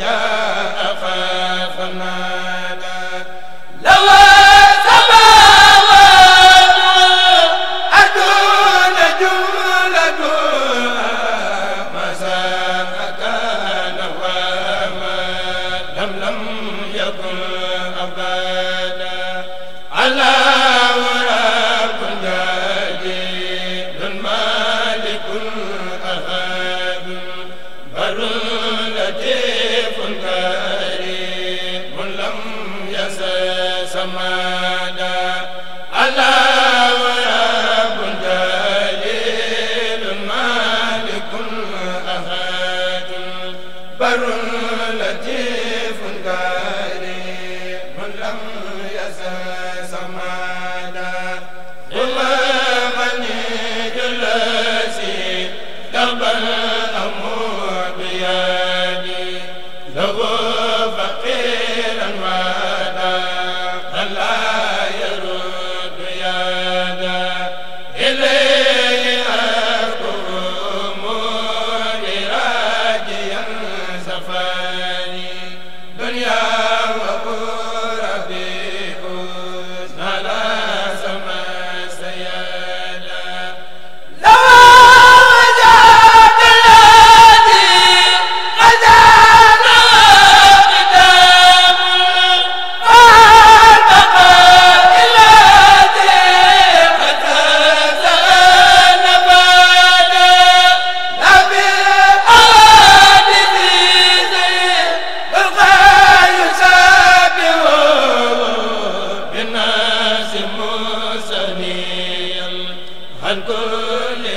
ya barun Amen an kulli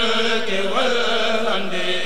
الملك والحمد